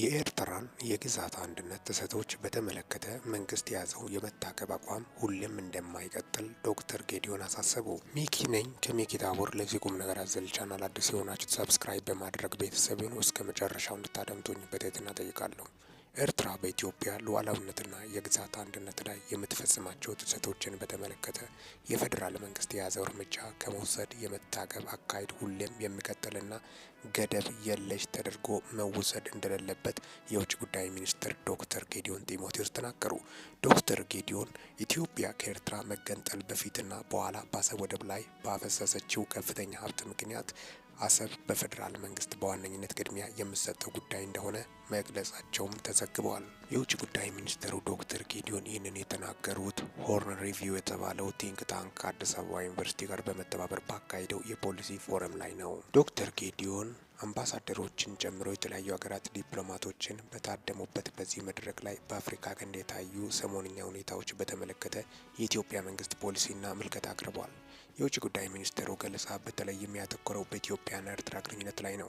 የኤርትራን የግዛት አንድነት ጥሰቶች በተመለከተ መንግስት የያዘው የመታቀብ አቋም ሁሌም እንደማይቀጥል ዶክተር ጌዲዮን አሳሰቡ። ሚኪ ነኝ ከሚኪ ታቦር። ለዚህ ቁም ነገር አዘል ቻናል አዲስ የሆናችሁ ሰብስክራይብ በማድረግ ቤተሰብን እስከ መጨረሻው እንድታደምጡኝ በትህትና ጠይቃለሁ። ኤርትራ በኢትዮጵያ ሉዓላዊነትና የግዛት አንድነት ላይ የምትፈጽማቸው ጥሰቶችን በተመለከተ የፌዴራል መንግስት የያዘው እርምጃ ከመውሰድ የመታቀብ አካሄድ ሁሌም የሚቀጥልና ገደብ የለሽ ተደርጎ መወሰድ እንደሌለበት የውጭ ጉዳይ ሚኒስትር ዶክተር ጌዲዮን ጢሞቴዎስ ተናገሩ። ዶክተር ጌዲዮን ኢትዮጵያ ከኤርትራ መገንጠል በፊትና በኋላ በአሰብ ወደብ ላይ ባፈሰሰችው ከፍተኛ ሀብት ምክንያት አሰብ በፌዴራል መንግስት በዋነኝነት ቅድሚያ የምሰጠው ጉዳይ እንደሆነ መግለጻቸውም ተዘግበዋል። የውጭ ጉዳይ ሚኒስትሩ ዶክተር ጌዲዮን ይህንን የተናገሩት ሆርን ሪቪው የተባለው ቲንክ ታንክ ከአዲስ አበባ ዩኒቨርሲቲ ጋር በመተባበር ባካሄደው የፖሊሲ ፎረም ላይ ነው። ዶክተር ጌዲዮን አምባሳደሮችን ጨምሮ የተለያዩ ሀገራት ዲፕሎማቶችን በታደሙበት በዚህ መድረክ ላይ በአፍሪካ ቀንድ የታዩ ሰሞንኛ ሁኔታዎች በተመለከተ የኢትዮጵያ መንግስት ፖሊሲና ምልከታ አቅርቧል። የውጭ ጉዳይ ሚኒስትሩ ገለጻ በተለይ የሚያተኮረው በኢትዮጵያና ኤርትራ ግንኙነት ላይ ነው።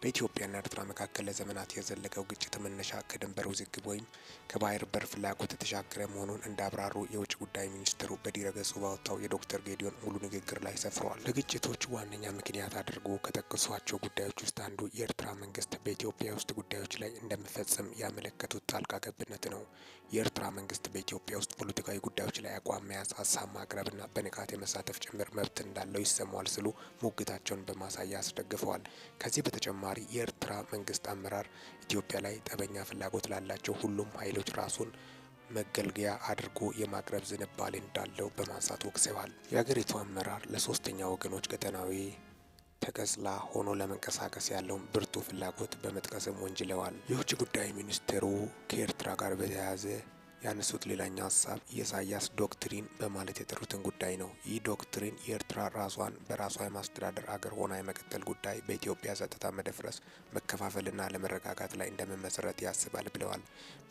በኢትዮጵያና ኤርትራ መካከል ለዘመናት የዘለቀው ግጭት መነሻ ከድንበር ውዝግብ ወይም ከባህር በር ፍላጎት የተሻገረ መሆኑን እንዳብራሩ የውጭ ጉዳይ ሚኒስትሩ በድረገጹ ባወጣው የዶክተር ጌዲዮን ሙሉ ንግግር ላይ ሰፍረዋል። ለግጭቶቹ ዋነኛ ምክንያት አድርጎ ከጠቀሷቸው ጉዳዮች ውስጥ አንዱ የኤርትራ መንግስት በኢትዮጵያ ውስጥ ጉዳዮች ላይ እንደሚፈጽም ያመለከቱት ጣልቃ ገብነት ነው። የኤርትራ መንግስት በኢትዮጵያ ውስጥ ፖለቲካዊ ጉዳዮች ላይ አቋም መያዝ፣ ሀሳብ ማቅረብና በንቃት የመሳተፍ ጭምር የመናገር መብት እንዳለው ይሰማዋል ሲሉ ሙግታቸውን በማሳያ አስደግፈዋል። ከዚህ በተጨማሪ የኤርትራ መንግስት አመራር ኢትዮጵያ ላይ ጠበኛ ፍላጎት ላላቸው ሁሉም ኃይሎች ራሱን መገልገያ አድርጎ የማቅረብ ዝንባሌ እንዳለው በማንሳት ወቅሰዋል። የአገሪቱ አመራር ለሶስተኛ ወገኖች ቀጠናዊ ተቀጽላ ሆኖ ለመንቀሳቀስ ያለውን ብርቱ ፍላጎት በመጥቀስም ወንጅለዋል። የውጭ ጉዳይ ሚኒስቴሩ ከኤርትራ ጋር በተያያዘ ያነሱት ሌላኛው ሀሳብ የኢሳያስ ዶክትሪን በማለት የጠሩትን ጉዳይ ነው። ይህ ዶክትሪን የኤርትራ ራሷን በራሷ የማስተዳደር አገር ሆና የመቀጠል ጉዳይ በኢትዮጵያ ጸጥታ መደፍረስ፣ መከፋፈልና ለመረጋጋት ላይ እንደመመሰረት ያስባል ብለዋል።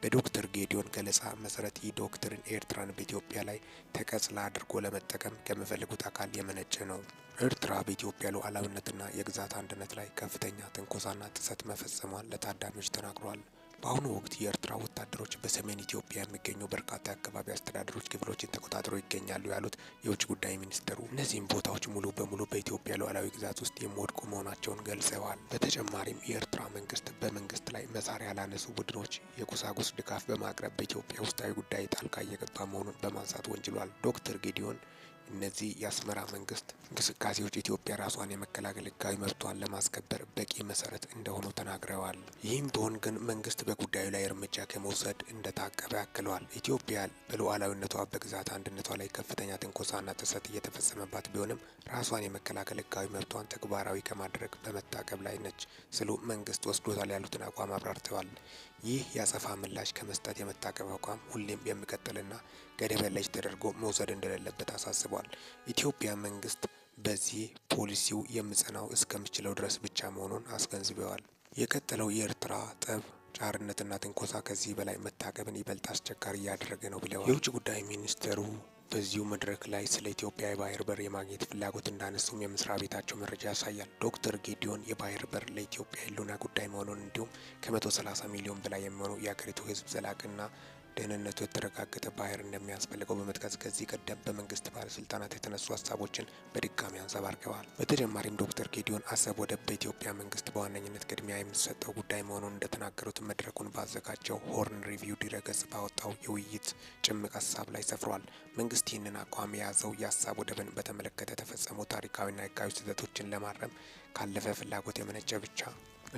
በዶክተር ጌዲዮን ገለጻ መሰረት ይህ ዶክትሪን ኤርትራን በኢትዮጵያ ላይ ተቀጽላ አድርጎ ለመጠቀም ከሚፈልጉት አካል የመነጨ ነው። ኤርትራ በኢትዮጵያ ሉዓላዊነትና የግዛት አንድነት ላይ ከፍተኛ ትንኮሳና ጥሰት መፈጸሟን ለታዳሚዎች ተናግሯል። በአሁኑ ወቅት የኤርትራ ወታደሮች በሰሜን ኢትዮጵያ የሚገኙ በርካታ የአካባቢ አስተዳደሮች ክፍሎችን ተቆጣጥረው ይገኛሉ ያሉት የውጭ ጉዳይ ሚኒስትሩ እነዚህም ቦታዎች ሙሉ በሙሉ በኢትዮጵያ ሉዓላዊ ግዛት ውስጥ የሚወድቁ መሆናቸውን ገልጸዋል። በተጨማሪም የኤርትራ መንግስት በመንግስት ላይ መሳሪያ ላነሱ ቡድኖች የቁሳቁስ ድጋፍ በማቅረብ በኢትዮጵያ ውስጣዊ ጉዳይ ጣልቃ እየገባ መሆኑን በማንሳት ወንጅሏል። ዶክተር ጌዲዮን እነዚህ የአስመራ መንግስት እንቅስቃሴዎች ኢትዮጵያ ራሷን የመከላከል ህጋዊ መብቷን ለማስከበር በቂ መሰረት እንደሆኑ ተናግረዋል። ይህም ቢሆን ግን መንግስት በጉዳዩ ላይ እርምጃ ከመውሰድ እንደታቀበ ያክለዋል። ኢትዮጵያ በሉዓላዊነቷ በግዛት አንድነቷ ላይ ከፍተኛ ትንኮሳና ጥሰት እየተፈጸመባት ቢሆንም ራሷን የመከላከል ህጋዊ መብቷን ተግባራዊ ከማድረግ በመታቀብ ላይ ነች ስሉ መንግስት ወስዶታል ያሉትን አቋም አብራርተዋል። ይህ የአጸፋ ምላሽ ከመስጠት የመታቀብ አቋም ሁሌም የሚቀጥልና ገደብ ተደርጎ መውሰድ እንደሌለበት አሳስቧል። ኢትዮጵያ መንግስት በዚህ ፖሊሲው የምጸናው እስከምችለው ድረስ ብቻ መሆኑን አስገንዝበዋል። የቀጠለው የኤርትራ ጠብ ጫርነትና ትንኮሳ ከዚህ በላይ መታቀብን ይበልጥ አስቸጋሪ እያደረገ ነው ብለዋል። የውጭ ጉዳይ ሚኒስትሩ በዚሁ መድረክ ላይ ስለ ኢትዮጵያ የባህር በር የማግኘት ፍላጎት እንዳነሱም የመስሪያ ቤታቸው መረጃ ያሳያል። ዶክተር ጌዲዮን የባህር በር ለኢትዮጵያ የህልውና ጉዳይ መሆኑን እንዲሁም ከ130 ሚሊዮን በላይ የሚሆኑ የአገሪቱ ህዝብ ዘላቅና ደህንነቱ የተረጋገጠ ባህር እንደሚያስፈልገው በመጥቀስ ከዚህ ቀደም በመንግስት ባለስልጣናት የተነሱ ሀሳቦችን በድጋሚ አንጸባርቀዋል። በተጨማሪም ዶክተር ጌዲዮን አሰብ ወደብ በኢትዮጵያ መንግስት በዋነኝነት ቅድሚያ የሚሰጠው ጉዳይ መሆኑን እንደተናገሩት መድረኩን ባዘጋጀው ሆርን ሪቪው ድረገጽ ባወጣው የውይይት ጭምቅ ሀሳብ ላይ ሰፍሯል። መንግስት ይህንን አቋም የያዘው የአሰብ ወደብን በተመለከተ ተፈጸሙ ታሪካዊና ህጋዊ ስህተቶችን ለማረም ካለፈ ፍላጎት የመነጨ ብቻ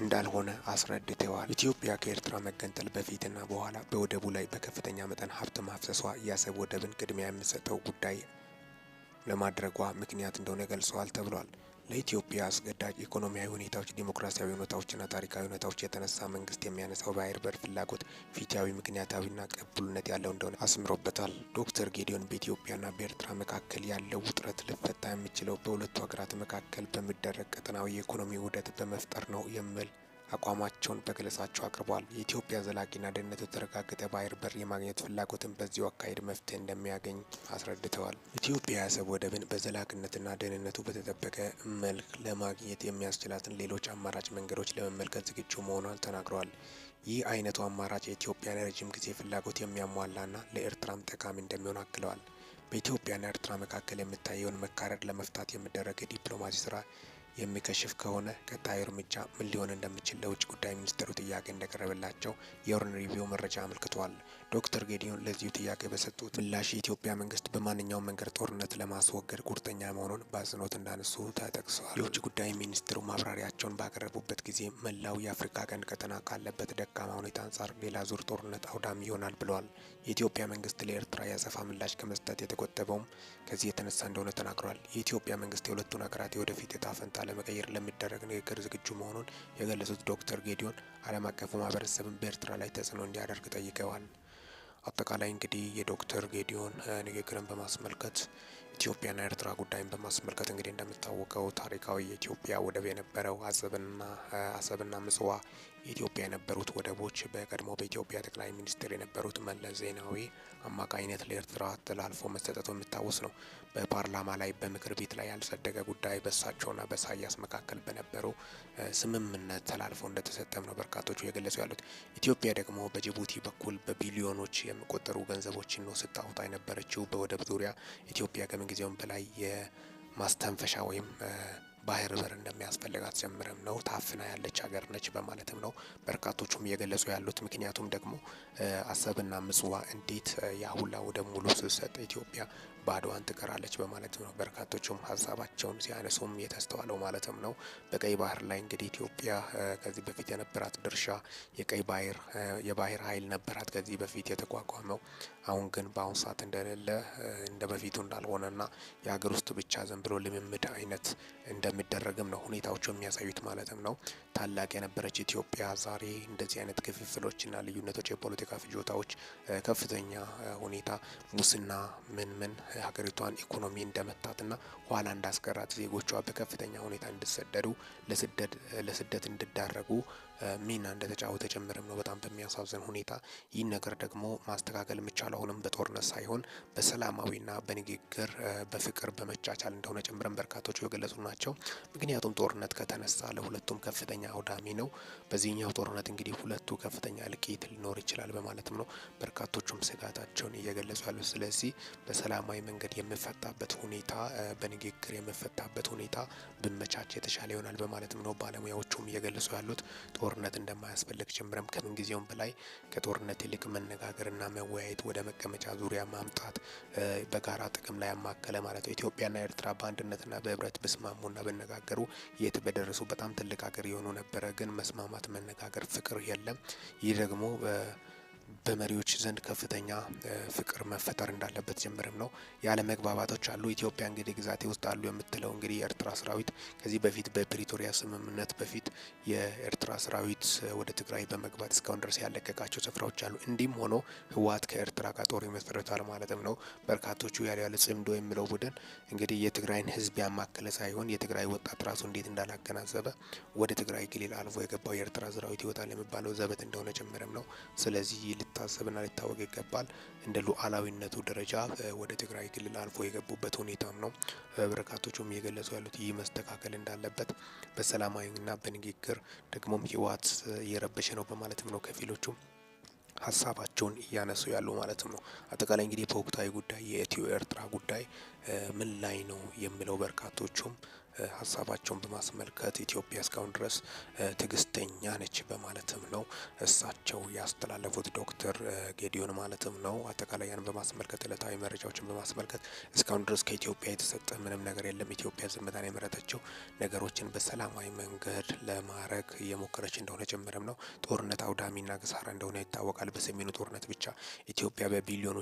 እንዳልሆነ አስረድተዋል። ኢትዮጵያ ከኤርትራ መገንጠል በፊትና በኋላ በወደቡ ላይ በከፍተኛ መጠን ሀብት ማፍሰሷ የአሰብ ወደብን ቅድሚያ የምሰጠው ጉዳይ ለማድረጓ ምክንያት እንደሆነ ገልጸዋል ተብሏል። ለኢትዮጵያ አስገዳጅ ኢኮኖሚያዊ ሁኔታዎች፣ ዲሞክራሲያዊ ሁኔታዎችና ታሪካዊ ሁኔታዎች የተነሳ መንግስት የሚያነሳው ባህር በር ፍላጎት ፍትሐዊ፣ ምክንያታዊና ቅቡልነት ያለው እንደሆነ አስምሮበታል። ዶክተር ጌዲዮን በኢትዮጵያና በኤርትራ መካከል ያለው ውጥረት ልፈታ የሚችለው በሁለቱ ሀገራት መካከል በሚደረግ ቀጠናዊ የኢኮኖሚ ውህደት በመፍጠር ነው የሚል አቋማቸውን በገለጻቸው አቅርቧል። የኢትዮጵያ ዘላቂና ደህንነቱ የተረጋገጠ ባህር በር የማግኘት ፍላጎትን በዚሁ አካሄድ መፍትሄ እንደሚያገኝ አስረድተዋል። ኢትዮጵያ የአሰብ ወደብን በዘላቂነትና ደህንነቱ በተጠበቀ መልክ ለማግኘት የሚያስችላትን ሌሎች አማራጭ መንገዶች ለመመልከት ዝግጁ መሆኗን ተናግረዋል። ይህ አይነቱ አማራጭ የኢትዮጵያን ረጅም ጊዜ ፍላጎት የሚያሟላና ለኤርትራም ጠቃሚ እንደሚሆን አክለዋል። በኢትዮጵያና ኤርትራ መካከል የሚታየውን መካረድ ለመፍታት የሚደረግ ዲፕሎማሲ ስራ የሚከሽፍ ከሆነ ቀጣዩ እርምጃ ምን ሊሆን እንደሚችል ለውጭ ጉዳይ ሚኒስትሩ ጥያቄ እንደቀረበላቸው የሆርን ሪቪው መረጃ አመልክቷል። ዶክተር ጌዲዮን ለዚሁ ጥያቄ በሰጡት ምላሽ የኢትዮጵያ መንግስት በማንኛውም መንገድ ጦርነት ለማስወገድ ቁርጠኛ መሆኑን በአጽንኦት እንዳነሱ ተጠቅሰዋል። የውጭ ጉዳይ ሚኒስትሩ ማብራሪያቸውን ባቀረቡበት ጊዜ መላው የአፍሪካ ቀንድ ቀጠና ካለበት ደካማ ሁኔታ አንጻር ሌላ ዙር ጦርነት አውዳሚ ይሆናል ብለዋል። የኢትዮጵያ መንግስት ለኤርትራ የአጸፋ ምላሽ ከመስጠት የተቆጠበውም ከዚህ የተነሳ እንደሆነ ተናግሯል። የኢትዮጵያ መንግስት የሁለቱን ሀገራት የወደፊት እጣ ፈንታ ለመቀየር ለሚደረግ ንግግር ዝግጁ መሆኑን የገለጹት ዶክተር ጌዲዮን ዓለም አቀፉ ማህበረሰብን በኤርትራ ላይ ተጽዕኖ እንዲያደርግ ጠይቀዋል። አጠቃላይ እንግዲህ የዶክተር ጌዲዮን ንግግርን በማስመልከት ኢትዮጵያና ኤርትራ ጉዳይን በማስመልከት እንግዲህ እንደሚታወቀው ታሪካዊ የኢትዮጵያ ወደብ የነበረው አሰብና አሰብና ምጽዋ የኢትዮጵያ የነበሩት ወደቦች በቀድሞ በኢትዮጵያ ጠቅላይ ሚኒስትር የነበሩት መለስ ዜናዊ አማካኝነት ለኤርትራ ተላልፎ መሰጠቱ የሚታወስ ነው። በፓርላማ ላይ በምክር ቤት ላይ ያልጸደቀ ጉዳይ በሳቸውና በኢሳያስ መካከል በነበረው ስምምነት ተላልፎ እንደተሰጠም ነው በርካቶቹ የገለጹ ያሉት። ኢትዮጵያ ደግሞ በጅቡቲ በኩል በቢሊዮኖች የሚቆጠሩ ገንዘቦችን ነው ስታወጣ የነበረችው በወደብ ዙሪያ ኢትዮጵያ ከምንጊዜውም በላይ የማስተንፈሻ ወይም ባህር በር እንደሚያስፈልጋት ጀምርም ነው ታፍና ያለች ሀገር ነች በማለትም ነው በርካቶቹም እየገለጹ ያሉት። ምክንያቱም ደግሞ አሰብና ምጽዋ እንዴት የአሁላ ወደ ሙሉ ስሰጥ ኢትዮጵያ ባዶዋን ትቀራለች በማለትም ነው በርካቶቹም ሀሳባቸውን ሲያነሱም የተስተዋለው ማለትም ነው። በቀይ ባህር ላይ እንግዲህ ኢትዮጵያ ከዚህ በፊት የነበራት ድርሻ የቀይ ባህር የባህር ኃይል ነበራት ከዚህ በፊት የተቋቋመው። አሁን ግን በአሁን ሰዓት እንደሌለ እንደ በፊቱ እንዳልሆነና የሀገር ውስጥ ብቻ ዘን ብሎ ልምምድ አይነት እንደሚደረግም ነው ሁኔታዎቹ የሚያሳዩት ማለትም ነው። ታላቅ የነበረች ኢትዮጵያ ዛሬ እንደዚህ አይነት ክፍፍሎችና ልዩነቶች፣ የፖለቲካ ፍጆታዎች፣ ከፍተኛ ሁኔታ ሙስና ምን ምን ሀገሪቷን ኢኮኖሚ እንደመታትና ኋላ እንዳስቀራት ዜጎቿ በከፍተኛ ሁኔታ እንዲሰደዱ ለስደት እንዲዳረጉ ሚና እንደተጫወተ ጭምርም ነው። በጣም በሚያሳዝን ሁኔታ ይህ ነገር ደግሞ ማስተካከል የሚቻለው አሁንም በጦርነት ሳይሆን በሰላማዊና በንግግር በፍቅር በመቻቻል እንደሆነ ጭምርም በርካቶች የገለጹ ናቸው። ምክንያቱም ጦርነት ከተነሳ ለሁለቱም ከፍተኛ አውዳሚ ነው። በዚህኛው ጦርነት እንግዲህ ሁለቱ ከፍተኛ እልቂት ሊኖር ይችላል በማለትም ነው በርካቶቹም ስጋታቸውን እየገለጹ ያሉት። ስለዚህ በሰላማዊ መንገድ የምፈታበት ሁኔታ በንግግር የምፈታበት ሁኔታ ብመቻች የተሻለ ይሆናል በማለትም ነው ባለሙያዎቹም እየገለጹ ያሉት። ጦርነት እንደማያስፈልግ ጭምርም ከምንጊዜውም በላይ ከጦርነት ይልቅ መነጋገርና መወያየት ወደ መቀመጫ ዙሪያ ማምጣት በጋራ ጥቅም ላይ ያማከለ ማለት ነው። ኢትዮጵያና ኤርትራ በአንድነትና በህብረት ብስማሙና ብነጋገሩ የት በደረሱ በጣም ትልቅ ሀገር የሆኑ ነበረ። ግን መስማማት፣ መነጋገር፣ ፍቅር የለም። ይህ ደግሞ በመሪዎች ዘንድ ከፍተኛ ፍቅር መፈጠር እንዳለበት ጀምርም ነው። ያለመግባባቶች አሉ። ኢትዮጵያ እንግዲህ ግዛቴ ውስጥ አሉ የምትለው እንግዲህ የኤርትራ ሰራዊት ከዚህ በፊት በፕሪቶሪያ ስምምነት በፊት የኤርትራ ሰራዊት ወደ ትግራይ በመግባት እስካሁን ድረስ ያለቀቃቸው ስፍራዎች አሉ። እንዲህም ሆኖ ህወሓት ከኤርትራ ጋር ጦር ይመሰርታል ማለትም ነው። በርካቶቹ ያለ ያለ ጽምዶ የሚለው ቡድን እንግዲህ የትግራይን ህዝብ ያማከለ ሳይሆን የትግራይ ወጣት ራሱ እንዴት እንዳላገናዘበ ወደ ትግራይ ክልል አልፎ የገባው የኤርትራ ሰራዊት ይወጣል የሚባለው ዘበት እንደሆነ ጀምርም ነው። ስለዚህ ሊታሰብና ሊታወቅ ይገባል። እንደ ሉዓላዊነቱ ደረጃ ወደ ትግራይ ክልል አልፎ የገቡበት ሁኔታም ነው። በርካቶቹም እየገለጹ ያሉት ይህ መስተካከል እንዳለበት በሰላማዊና በንግግር ደግሞም ህወሓት እየረበሸ ነው በማለትም ነው ከፊሎቹም ሀሳባቸውን እያነሱ ያሉ ማለትም ነው። አጠቃላይ እንግዲህ በወቅታዊ ጉዳይ የኢትዮ ኤርትራ ጉዳይ ምን ላይ ነው የሚለው በርካቶቹም ሀሳባቸውን በማስመልከት ኢትዮጵያ እስካሁን ድረስ ትግስተኛ ነች በማለትም ነው እሳቸው ያስተላለፉት ዶክተር ጌዲዮን ማለትም ነው። አጠቃላይ ያን በማስመልከት እለታዊ መረጃዎችን በማስመልከት እስካሁን ድረስ ከኢትዮጵያ የተሰጠ ምንም ነገር የለም። ኢትዮጵያ ዝምታን የመረጠችው ነገሮችን በሰላማዊ መንገድ ለማድረግ እየሞከረች እንደሆነ ጭምርም ነው። ጦርነት አውዳሚና ግሳራ እንደሆነ ይታወቃል። በሰሜኑ ጦርነት ብቻ ኢትዮጵያ በቢሊዮኖች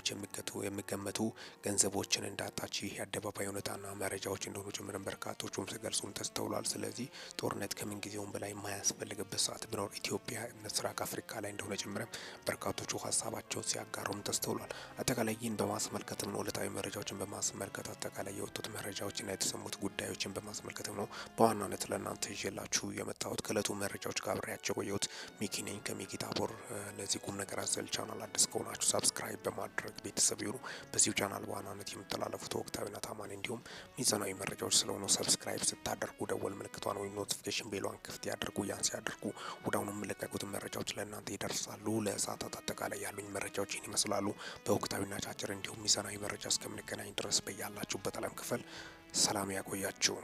የሚገመቱ ገንዘቦችን እንዳጣች ይህ የአደባባይ እውነታና መረጃዎች እንደሆኑ ጭምርም በርካቶች መሆኑም ተገልጾም ተስተውሏል። ስለዚህ ጦርነት ከምን ጊዜውም በላይ የማያስፈልግበት ሰዓት ቢኖር ኢትዮጵያ ምስራቅ አፍሪካ ላይ እንደሆነ ጀምረም በርካቶቹ ሀሳባቸው ሲያጋሩም ተስተውሏል። አጠቃላይ ይህን በማስመልከትም ነው ዕለታዊ መረጃዎችን በማስመልከት አጠቃላይ የወጡት መረጃዎችና የተሰሙት ጉዳዮችን በማስመልከትም ነው በዋናነት ለእናንተ ይዤላችሁ የመጣሁት። ከእለቱ መረጃዎች ጋር አብሬያቸው ቆየሁት። ሚኪ ነኝ ከሚኪታ ቦር። ለዚህ ቁም ነገር አዘል ቻናል አዲስ ከሆናችሁ ሳብስክራይብ በማድረግ ቤተሰብ ይሁኑ። በዚሁ ቻናል በዋናነት የምተላለፉት ወቅታዊና ታማኝ እንዲሁም ሚዛናዊ መረጃዎች ስለሆነ ሰብስክራይብ ሰብስክራይብ ስታደርጉ ደወል ምልክቷን ወይም ኖቲፊኬሽን ቤሏን ክፍት ያደርጉ። ያን ሲያደርጉ ወዲያውኑ የምለቀቁትን መረጃዎች ለእናንተ ይደርሳሉ። ለሰዓታት አጠቃላይ ያሉኝ መረጃዎች ይህን ይመስላሉ። በወቅታዊና ቻጭር እንዲሁም ሚዛናዊ መረጃ እስከምንገናኝ ድረስ በያላችሁበት አለም ክፍል ሰላም ያቆያችሁ።